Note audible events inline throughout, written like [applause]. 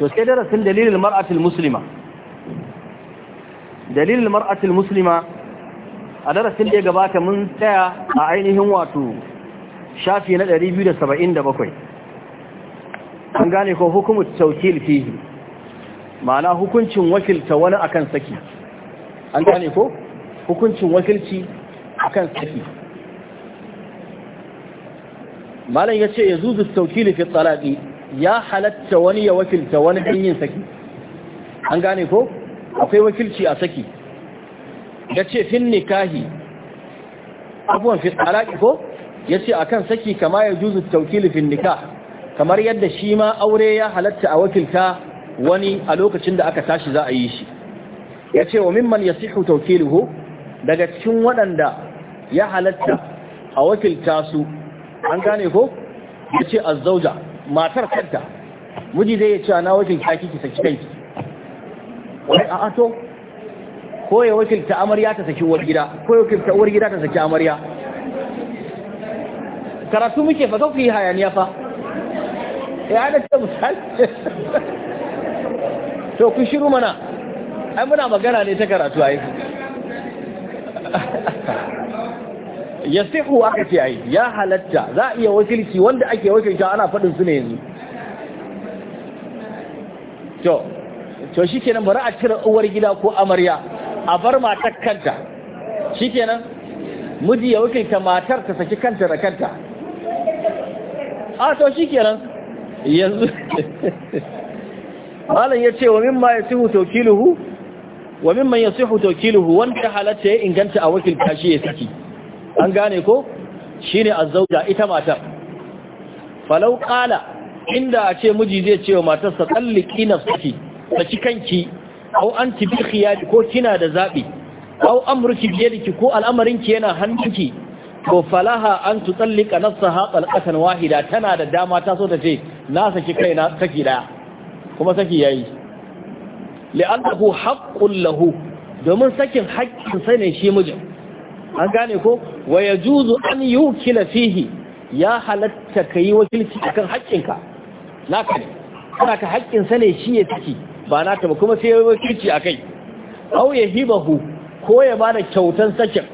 to sai darasin dalilin mar'atul muslima dalilin mar'atul muslima a darasin da ya gabata mun tsaya a ainihin wato shafi na 277 an gane ko hukumu tawkil fihi ma'ana hukuncin wakilta wani akan saki an gane ko hukuncin wakilci akan saki malam yace yazuzu tawkil fi talaqi ya halatta wani ya wakilta wani ɗan yin saki an gane ko akwai wakilci a saki ya ce fin nikahi abuwan fi alaƙi ko ya ce a kan saki kama ya juzu taukili fin nikah kamar yadda shi ma aure ya halatta a wakilta wani a lokacin da aka tashi za a yi shi ya ce wa mimman ya sihu ko. daga cikin waɗanda ya halatta a wakilta su an gane ko ya ce azzauja matar kanta miji zai ce cewa na kaki ki saki kanki wai a'a to ko ya wakilta amarya ta saki uwar gida ko ya wakilta uwar gida ta saki amarya karatu muke fa ku yi hayaniya fa ya da ta misal [laughs] to ku shiru mana ai muna magana ne ta karatu ai [laughs] ya aka ce ai ya halatta za a iya wakilci wanda ake wakilta ana faɗin su ne yanzu to to shikenan bari a cire uwar gida ko amarya a bar matar kanta shikenan miji ya wakilta matar ta saki kanta da kanta a to shikenan yanzu [laughs] malam yace wa mimma yasihu tawkiluhu wa mimman yasihu tawkiluhu wanda halatta ya inganta a wakilta shi ya saki an gane ko shine azzauja ita matar falau qala inda a ce miji zai ce wa matarsa talliki ta saki kanki au anti bi khiyari ko kina da zaɓi, au amurki bi ki, ko al'amarinki yana hannunki ko falaha an tu tutallika nafsaha talqatan wahida tana da dama ta so ta ce na saki kaina saki daya kuma saki yayi li'annahu haqqul lahu domin sakin haƙƙin sai ne shi mijin an gane ko wa juzu an wukila fihi ya halatta ka yi wakilci akan haƙƙinka naka ne kana ka haƙƙin ne shi ya ciki ba ta ba kuma sai yi wakilci a ya aw yahibahu ko ya bada kyautan sakin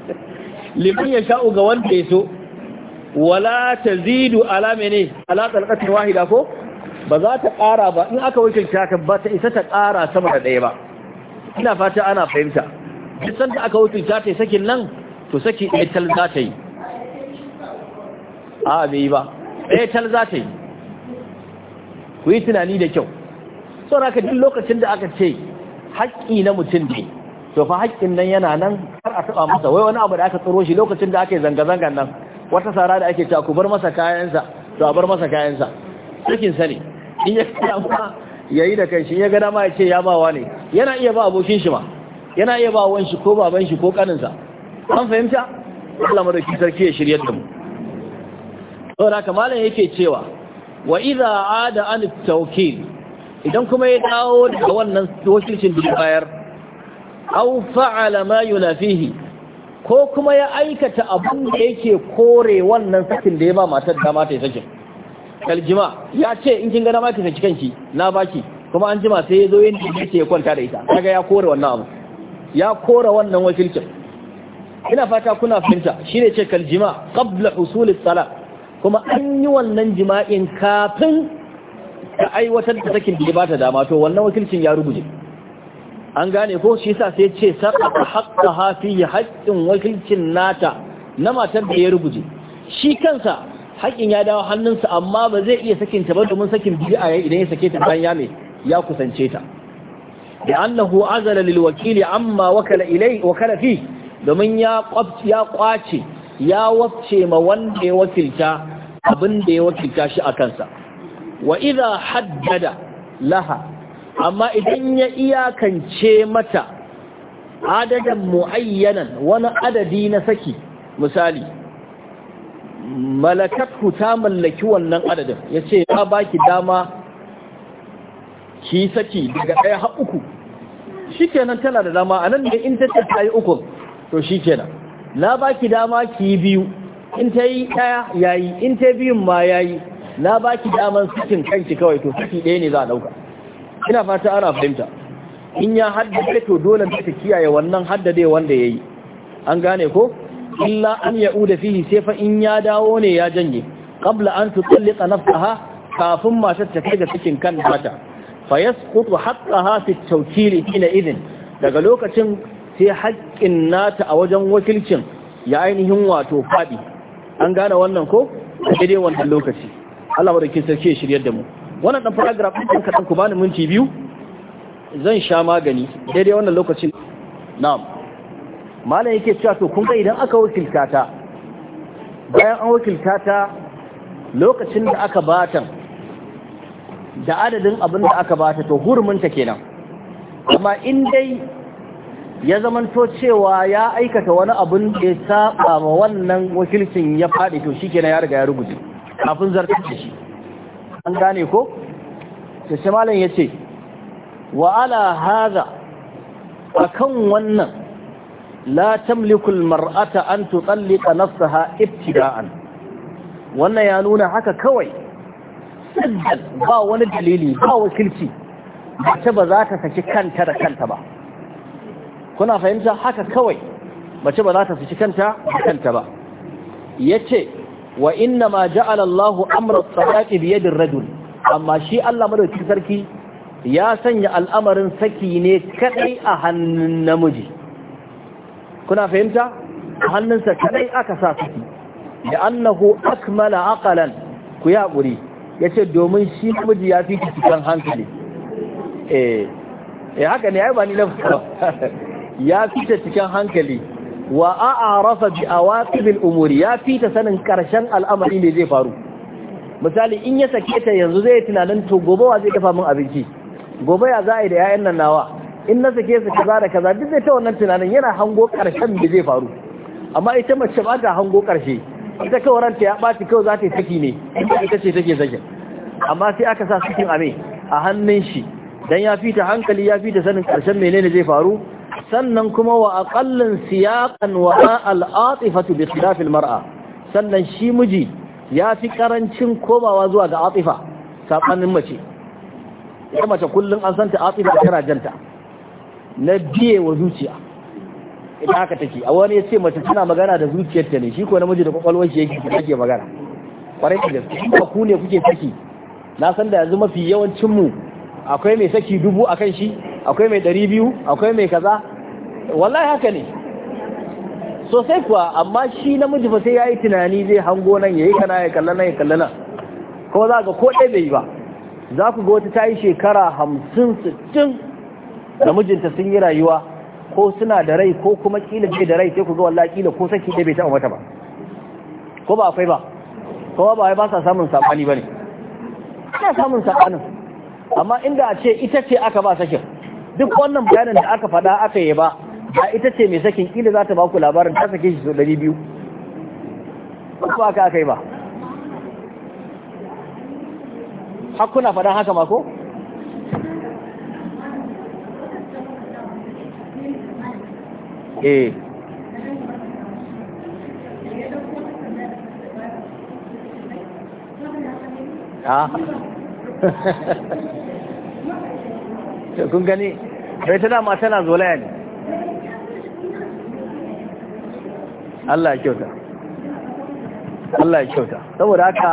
[laughs] liman ya sha'u ga wanda ya so wala ta zidu alame ne ala talqatin wahida ko ba za ta ƙara ba in aka wakilci ka ba ta isa ta ƙara sama da ɗaya ba ina fata ana fahimta duk da aka za ta yi sakin nan to saki ɗaya tal za ta yi a bai yi ba ɗaya tal za ta yi ku yi tunani da kyau saboda ka duk lokacin da aka ce haƙƙi na mutum ne to fa haƙƙin nan yana nan har a taɓa masa wai wani abu da aka tsaro shi lokacin da aka yi zanga-zangan nan wata sara da ake taku ku bar masa kayansa to a bar masa kayansa cikin ne in ya kama ya yi da kai shi ya gada ma ya ce ya bawa ne yana iya ba abokin shi ma yana iya ba wanshi ko baban shi ko kaninsa an fahimta Allah madauki sarki ya shirye da mu saboda ka malam yake cewa wa idza ada an tawkil idan kuma ya dawo daga wannan wakilcin da bayar aw fa'ala ma yunafihi ko kuma ya aikata abun da yake kore wannan sakin da ya ba matar da mata ya sakin kaljima ya ce in kin ga na maki saki kanki na baki kuma an jima sai ya zo yin da ya kwanta da ita kaga ya kore wannan abu ya kora wannan wakilcin ina fata kuna fahimta shine ce kaljima qabla usulis sala kuma an yi wannan jima'in kafin ta aiwatar da sakin da ba ta dama to wannan wakilcin ya ruguje an gane ko shi yasa sai ce sarqa haqqaha ya haqqin wakilcin nata na matar da ya ruguje shi kansa haƙin ya dawo hannunsa amma ba zai iya sakin ta ba domin sakin bid'a idan ya sake ta bayan ya ya kusance ta li'annahu azala lil wakili amma wakala ilai wakala fi domin ya ya kwace ya wafce ma wanda ya wakilta abin da ya wakilta shi a kansa wa idha haddada laha amma idan ya iyakance mata adadan muayyanan wani adadi na saki misali malakatku ta mallaki wannan adadin yace ya baki dama ki saki daga ɗaya har uku shikenan tana da dama anan ne in ta ta yi uku to shikenan na baki dama ki yi biyu in ta yi ɗaya yayi in ta biyun ma yayi na baki daman sakin kanki kawai to saki ɗaya ne za a ɗauka ina fata ana fahimta in ya haddace to dole ne ta kiyaye wannan haddade wanda ya yi. an gane ko illa an uda fihi sai fa in ya dawo ne ya janye qabla an tutalliqa nafsaha kafin matar ta kai ga cikin kan mata فيسقط حقها في التوكيل الى ila idin daga lokacin sai haƙƙin nata a wajen wakilcin ya ainihin wato faɗi an gane wannan ko a daidai wannan lokaci Allah wadda kin sarki ya shiryar da mu wannan ɗan paragraf ɗin kaɗan ku bani minti biyu zan sha magani daidai wannan lokacin na'am malam yake cewa to kun ga idan aka wakilta ta bayan an wakilta ta lokacin da aka batan da adadin abin da aka bata to huruminta kenan amma in dai ya zamanto cewa ya aikata wani abin da ya saba ma wannan wakilcin ya faɗi to shikenan ya riga ya ruguje kafin zartar da shi an gane ko to sai malam yace wa ala hadha akan wannan la tamliku almar'ata an tutallika nafsaha ibtida'an wannan ya nuna haka kawai ba wani dalili ba wakilci mace ba za ta saki kanta da kanta ba kuna fahimta haka kawai mace ba za ta saki kanta da kanta ba yace wa inna ma ja'ala Allahu amra as-salati bi yadi rajul amma shi Allah madaukakin sarki ya sanya al'amarin saki ne kadai a hannun namiji kuna fahimta hannunsa kadai aka sa saki da annahu akmala aqalan ku ya haƙuri ya ce domin shi namiji ya fi cikin hankali eh, eh haka ne ba ni na [laughs] ya fi ta cikin hankali wa rasa bi bil umuri ya fi ta sanin karshen al'amari ne zai faru misali in ya sake ta yanzu zai tunanin to gobe wa zai kafa min abinci gobe ya za a yi da 'ya'yan nan nawa in na sake su kaza da kaza duk zai ta wannan tunanin yana hango karshen da zai faru amma ita mace ba ta hango karshe ita kawaranta ranta ya ɓaci kawai za ta yi saki ne ita ce take sakin amma sai aka sa sakin a a hannun shi dan ya fi ta hankali ya fi ta sanin ƙarshen menene zai faru sannan kuma wa aƙallin siyaƙan wa al bi khilaf mara sannan shi miji ya fi karancin komawa zuwa ga atifa sabanin mace ita mace kullun an santa atifa tana janta na biye wa zuciya ita haka take a wani ya ce mace tana magana da ta ne shi ko namiji da kwakwalwar shi yake take magana kwarai da gaske ba ku ne kuke saki na san da yanzu mafi yawancin mu akwai mai saki dubu akan shi akwai mai ɗari biyu akwai mai kaza wallahi haka ne sosai kuwa amma shi namiji fa sai ya yi tunani zai hango nan ya yi kana ya kalla nan ya kalla nan ko za ga ko ɗaya bai yi ba za ku ga wata ta yi shekara hamsin sittin namijinta sun yi rayuwa ko suna da rai ko kuma kila ce da rai sai ku ga wallahi kila ko saki da bai taɓa mata ba ko ba akwai ba ko ba ai ba sa samun sabani bane ana samun sabani amma inda a ce ita ce aka ba sakin duk wannan bayanin da aka faɗa aka yi ba ba ita ce mai sakin kila za ta ba ku labarin ta sake shi so 200 ko aka aka yi ba hakuna faɗan haka ma ko eh a [laughs] kun gani bai ta dama tana zolaya ne Allah ya kyauta Allah ya kyauta saboda haka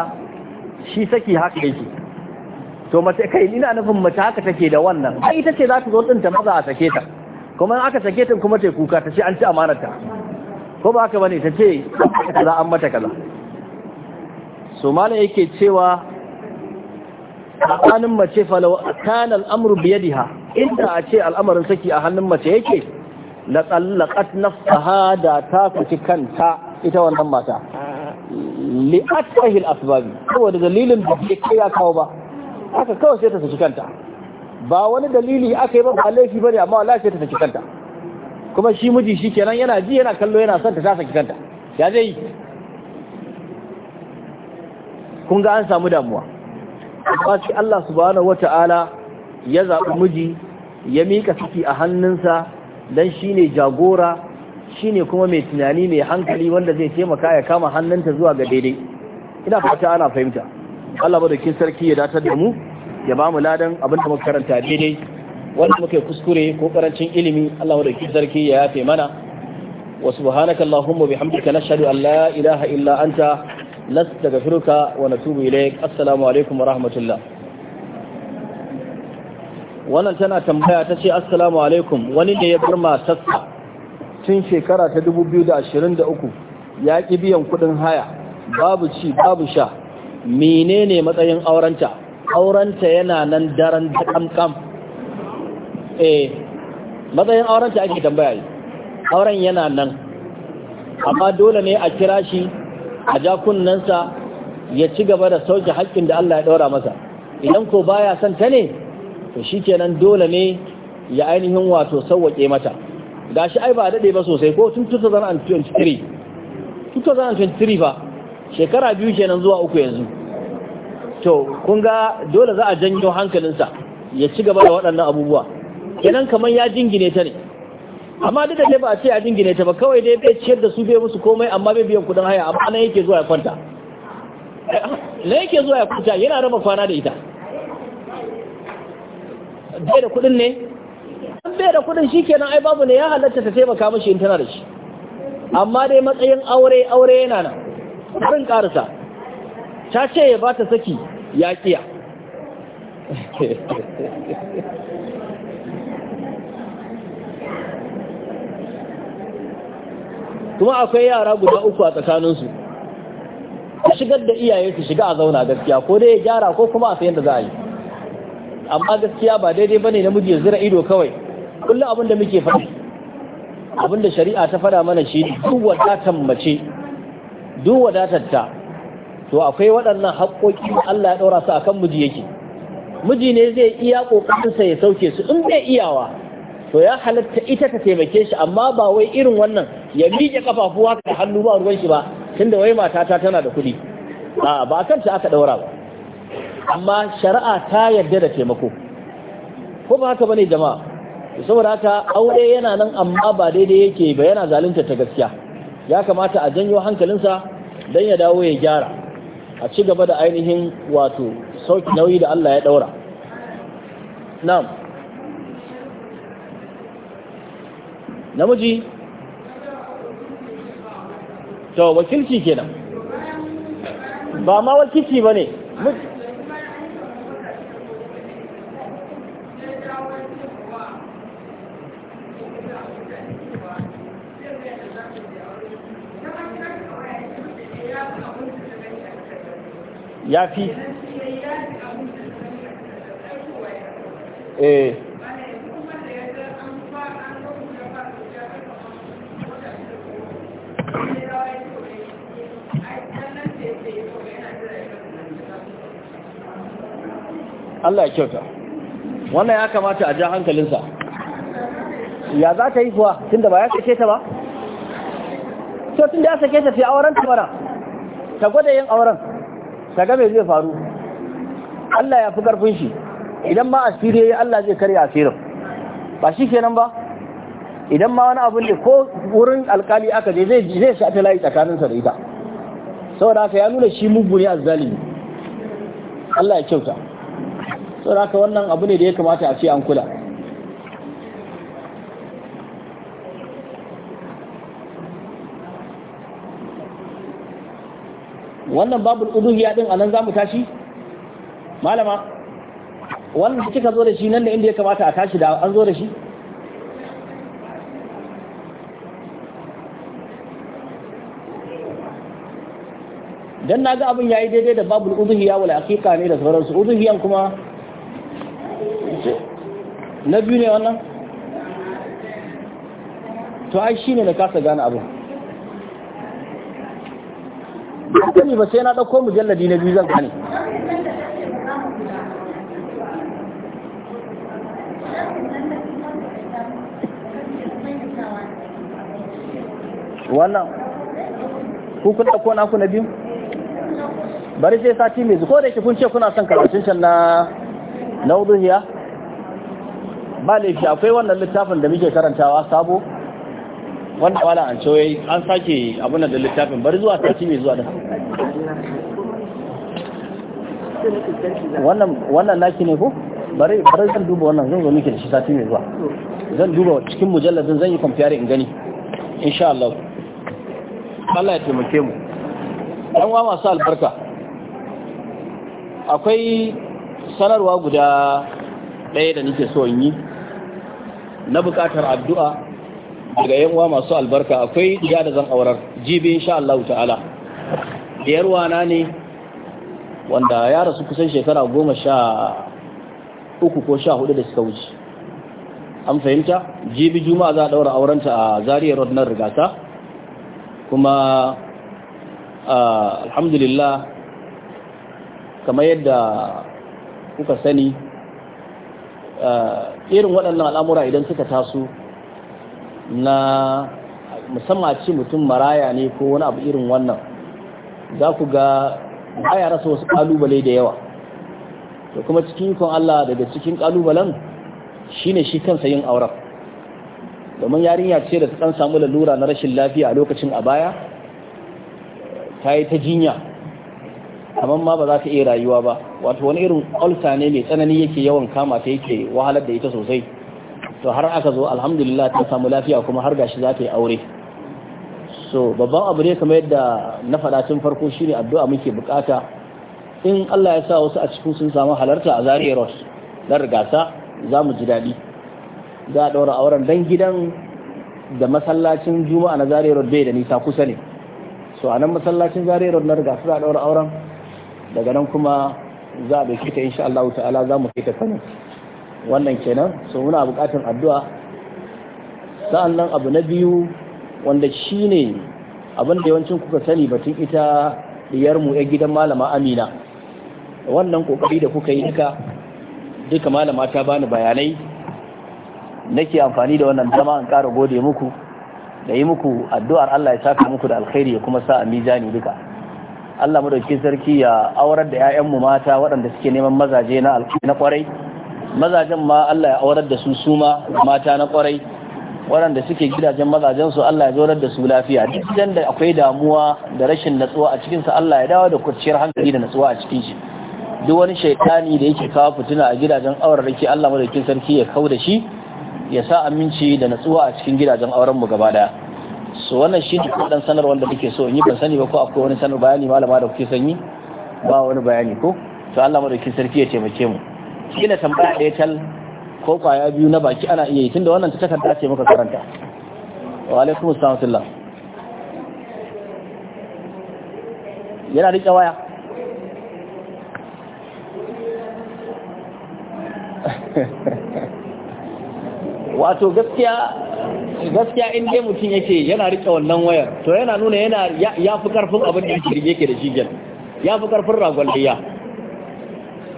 shi saki haka yake to mace kai ina nufin mace haka take da wannan ai ita ce za ta zo din ta maza a sake ta kuma aka sake ta kuma ta kuka ta ce an ci amanar ta ko ba haka bane ta ce kaza an mata kaza so mala yake cewa tsakanin mace falau kana al'amru biyadiha inda a ce al'amarin saki a hannun mace yake la tsallaqat nafsaha da ta kuci kanta ita wannan mata li asbab saboda dalilin da ke ya kawo ba aka kawai sai ta saki kanta ba wani dalili aka yi ba ba laifi amma wallahi lafiya ta saki kanta kuma shi miji kenan yana ji yana kallo yana son ta saki kanta ya zai yi kun ga an samu damuwa ba sai Allah subhanahu wataala ya zaɓi miji ya miƙa saki a hannunsa don shi ne jagora shi ne kuma mai tunani mai hankali wanda zai taimaka ya kama hannunta zuwa ga daidai ina fata ana fahimta Allah kin sarki ya datar da mu ya ba mu ladan abin da muka karanta daidai wanda muka yi kuskure ko karancin ilimi Allah da dauki sarki ya yafe mana wa subhanaka allahumma bihamdika nashhadu an la ilaha illa anta nastaghfiruka wa natubu ilaik assalamu alaikum wa rahmatullah wannan tana tambaya ta ce assalamu alaikum wani ne ya bar matarsa tun shekara ta 2023 ya ki biyan kuɗin haya babu ci babu sha menene matsayin aurenta aurenta yana nan daren kamkam eh matsayin aurenta ake tambaya yi auren yana nan amma dole ne a kira shi a ja ya ci gaba da sauke haƙƙin da Allah ya ɗora masa idan ko baya son ta ne to shikenan dole ne ya ainihin wato sauwake mata gashi ai ba daɗe ba sosai ko tun 2023 2023 fa shekara biyu kenan zuwa uku yanzu to kun ga dole za a janyo hankalinsa ya ci gaba da waɗannan abubuwa kenan kamar ya jingine ta ne amma duk da dai ba a ce ya jingine ta ba kawai dai bai ciyar da su bai musu komai amma bai biyan kudin haya amma nan yake zuwa ya kwanta na yake zuwa ya kwanta yana raba kwana da ita bai da kudin ne an bai da kudin shi kenan ai babu ne ya halatta ta taimaka mashi in tana da shi amma dai matsayin aure aure yana nan karin karisa ta ce ya ba ta saki ya kiya kuma akwai yara guda uku a tsakaninsu a shigar da iyaye su shiga a zauna gaskiya ko dai ya gyara ko kuma a sayan da za a yi amma gaskiya ba daidai bane namiji ya zira ido kawai kullum abin da muke faɗi abin da shari'a ta faɗa mana shi duk wadatan mace duk wadatar ta to akwai waɗannan haƙoƙi Allah ya ɗora su akan miji yake miji ne zai iya ƙoƙarinsa ya sauke su in bai iyawa to ya halatta ita ta taimake shi amma ba wai irin wannan ya miƙe ƙafafuwa ka hannu ba ruwan shi ba tunda wai matata tana da kuɗi a ba kan ta aka ɗaura ba amma shari'a ta yarda da taimako ko ba haka bane jama'a saboda haka aure yana nan amma ba daidai yake ba yana zalunta ta gaskiya ya kamata a janyo hankalinsa don ya dawo ya gyara a ci gaba da ainihin wato sauki nauyi da Allah ya daura na'am namiji to wakilci kenan ba ma wakilci bane ya fi eh Allah ya kyauta wannan ya kamata a ja hankalinsa ya za ta yi kuwa tun da ba ya sake ta ba so tun da ya sake ta fi auren ta ta gwada yin auren kaga mai zai faru Allah ya fi karfin shi idan ma asiri yayi Allah zai karya asirin ba shi kenan ba idan ma wani abu ne ko wurin alkali aka je zai zai ta layi tsakanin sa da ita saboda haka ya nuna shi mugu ne azzalimi Allah ya kyauta saboda haka wannan abu ne da ya kamata a ce an kula wannan babu uduhiya din anan zamu tashi malama wannan kika zo da shi nan da inda ya kamata a tashi da an zo da shi dan naga abin yayi daidai da babul udhiya wal haqiqa ne da sauransu udhiyan kuma na biyu ne wannan to ai shine na kasa gane abin sani ba sai na ɗauko mujalladi na biyu zan gane wannan kun ɗauko naku na biyu bari sai sati mai zuko da kun ce kuna son karatun can na na ba laifi akwai wannan littafin da muke karantawa sabo wanda wala an ce an sake abin da littafin bari zuwa sati mai zuwa da wannan wannan naki ne ko bari bari zan duba wannan zan zo miki da shi sati mai zuwa zan duba cikin mujalladin zan yi compare in gani insha Allah Allah ya taimake mu dan wa masu albarka akwai sanarwa guda ɗaya da nake so in yi na buƙatar addu'a daga yan uwa masu albarka akwai ya da zan aurar jibi insha Allah ta'ala diyar wana ne wanda ya rasu kusan shekara goma sha uku ko sha hudu da suka wuce an fahimta jibi juma'a za a daura aurenta a zariyar rodnar rigata kuma alhamdulillah kamar yadda kuka sani irin waɗannan al'amura idan suka taso na musamman ce mutum maraya ne ko wani abu irin wannan za ku ga baya rasa wasu kalubale da yawa da kuma cikin ikon Allah daga cikin kalubalen ne shi kansa yin auren domin yarinya ce da ta kan samu lalura na rashin lafiya a lokacin a baya ta yi ta jinya amma ma ba za ta iya rayuwa ba wato wani irin kwalta ne mai tsanani yake yawan kama ta yake wahalar da ita sosai to har aka zo alhamdulillah ta samu lafiya kuma har gashi za ta yi aure so babban abu ne kamar yadda na faɗa tun farko shine addu'a muke bukata in Allah ya sa wasu a cikin sun samu halarta a Zaria Road na rigasa za mu ji daɗi za a ɗaura auren dan gidan da masallacin juma'a na Zaria Road bai da nisa kusa ne so a nan masallacin Zaria Road na rigasa za a ɗaura auren daga nan kuma za a ɗauki ta insha Allah ta'ala za mu kai ta Kano wannan kenan so muna buƙatar addu'a sa'annan abu na biyu wanda shine abin da yawancin kuka sani batun ita diyarmu ya gidan malama amina wannan kokari da kuka yi duka duka malama ta bani bayanai nake amfani da wannan dama an kara gode muku da yi muku addu'ar Allah ya saka muku da alkhairi ya kuma sa a mizani duka Allah dauki sarki ya aurar da 'ya'yanmu mata waɗanda suke neman mazaje na na kwarai mazajen ma Allah ya aurar da su suma mata na kwarai waɗanda suke gidajen mazajen su Allah ya zaurar da su lafiya duk gidan da akwai damuwa da rashin natsuwa a cikin sa Allah ya dawo da kurciyar hankali da natsuwa a cikin shi duk wani shaytani da yake kawo fitina a gidajen auren rake Allah madaukin sarki ya kauda shi ya sa aminci da natsuwa a cikin gidajen auren mu gaba daya so wannan shi ne dan sanarwar da nake so in yi ban sani ba ko akwai wani sanar bayani malama da kuke sanyi ba wani bayani ko to Allah madaukin sarki ya taimake mu kila tambaya ɗaya tal ko kwaya biyu na baki ana iya yi tunda wannan ta takarda ce muka karanta wa alaikum assalam yana rike waya [laughs] wato gaskiya gaskiya in dai mutum yake yana rike wannan wayar to yana nuna yana ya fi karfin abin da yake rike da shi ya fi karfin ragon liya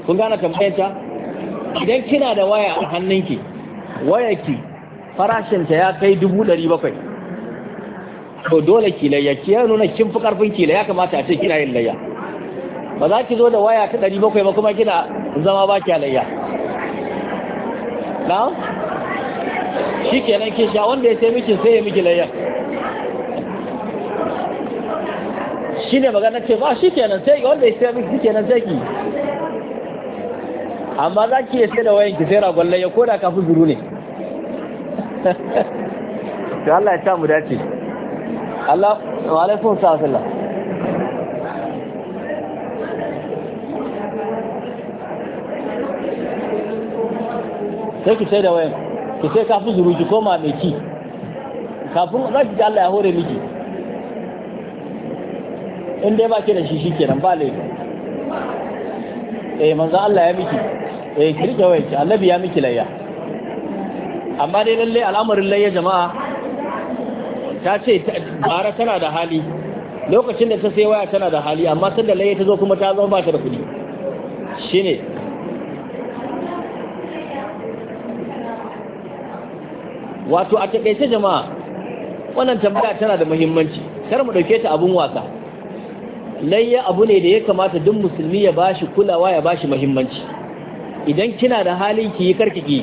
kun gane tambayanta idan kina da waya a hannunki wayarki farashinta ya kai dubu ɗari bakwai to dole ki layya ki ya nuna kin fi karfin ki ya kamata a ce kina yin layya ba za ki zo da waya ta ɗari bakwai ba kuma kina zama ba ki layya na shi kenan kin sha wanda ya sai miki sai ya miki layya shi ne magana ce ba shi kenan sai wanda ya sai miki kenan sai ki amma za ki sai da wayan ki sai ragon layya ko da kafin zuru ne to Allah ya sa mu dace Allah wa alaikum salam sai ki sai da wayan ki sai kafin zuru ki koma mai ki kafin za ki ji Allah ya hore miki Inda dai ba ke da shi kenan ba laifi eh manzo Allah ya miki eh ki wai? wayarki Allah ya miki layya amma dai lalle al'amarin layya jama'a ta ce bara tana da hali lokacin da ta sai waya tana da hali amma sanda layya ta zo kuma ta zama ba ta da kuɗi shine wato a takeice jama'a wannan tambaya tana da muhimmanci kar mu dauke ta abun wasa layya abu ne da ya kamata duk musulmi ya bashi kulawa ya bashi muhimmanci idan kina da halin ki yi karki ki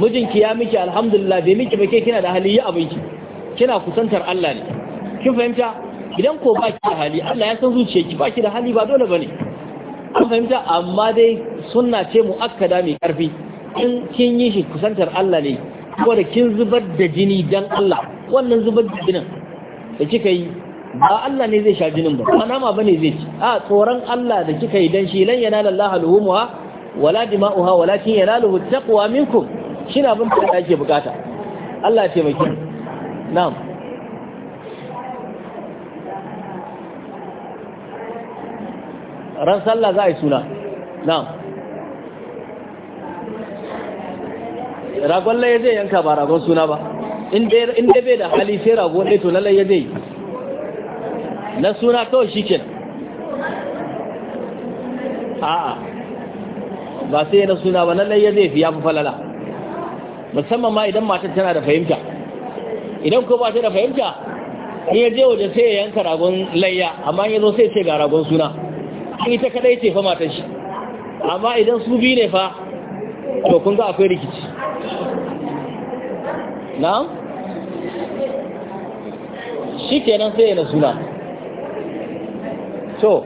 mijinki ya miki alhamdulillah bai miki ba ke kina da hali yi abinki kina kusantar Allah ne kin fahimta idan ko baki da hali Allah ya san zuciyarki baki da hali ba dole bane Kin fahimta amma dai sunna ce mu akkada mai karfi in kin yi shi kusantar Allah ne ko da kin zubar da jini dan Allah wannan zubar da jinin da kika yi ba Allah ne zai sha jinin ba ba nama bane zai ci a tsoron Allah da kika yi dan shi lan yanala Allah alhumuha wala dima'uha walakin yanaluhu taqwa minkum shin abin da kake bukata Allah ya taimake na'am ran sallah za a yi suna na'am ragon laye zai yanka ba ragon suna ba in dai bai da hali sai ragon ɗai to na laye zai na suna kawai shi kenan a'a ba sai yana suna ba lallai ya zai fi ya fi falala musamman ma idan matar tana da fahimta idan ko ba ta da fahimta in ya je waje sai ya yanka ragon layya amma ya zo sai ce ga ragon suna in ita kadai ce fa matar shi amma idan su bi ne fa to kun ga akwai rikici na shi kenan sai yana suna so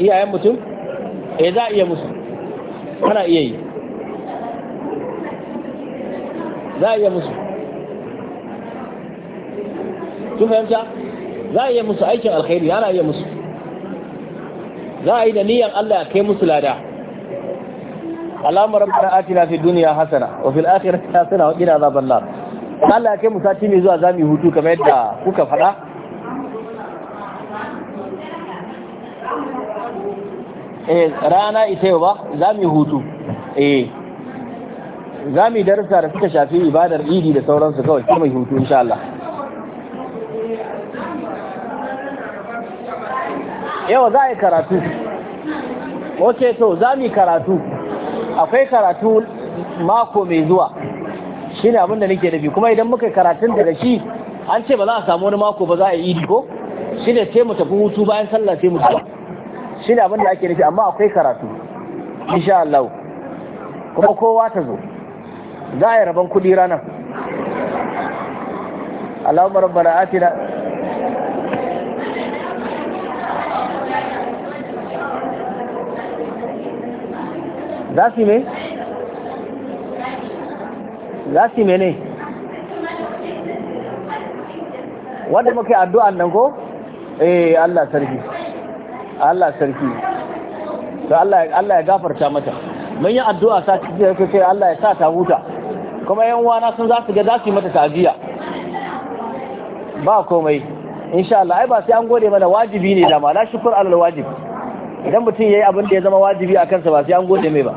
iyayen mutum e za a iya musu ana iya yi za a iya musu tun fahimta za a iya musu aikin alkhairi ana iya musu za a yi da niyan Allah kai musu lada Allahumma rabbana atina fi duniya hasana wa fil akhirati hasana wa qina adhaban nar Allah kai musaci ne zuwa zami hutu kamar yadda kuka faɗa eh rana ita yau ba za mu yi hutu eh za mu yi darussa da suka shafi ibadar idi da sauransu kawai kuma yi hutu insha Allah yau za a yi karatu ok to za mu yi karatu akwai karatu mako mai zuwa shi ne abinda nake da kuma idan muka karatun daga shi an ce ba za a samu wani mako ba za a yi idi ko shi ne sai mu tafi hutu bayan sallah sai mu tafi shi ne abinda ake nufi amma akwai karatu insha Allah kuma kowa ta zo za a yi rabon kuɗi ranar Allahumma rabbana atina za su ne? za su ne wanda muka yi addu'an nan ko? eh Allah sarki Allah sarki to Allah Allah ya gafarta mata mun yi addu'a sa ci da kai Allah ya sa ta huta kuma yan uwana sun za su ga za su yi mata ta'aziya. ba komai insha Allah ai ba sai an gode mana wajibi ne dama la shukr alal wajib idan mutum yayi abin da ya zama wajibi a kansa ba sai an gode mai ba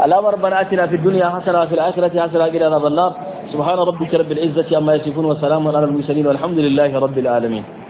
alamar bana atina fid dunya hasana fil akhirati hasana ila adhaban nar subhana rabbika rabbil izzati amma yasifun wa salamun alal mursalin walhamdulillahi rabbil alamin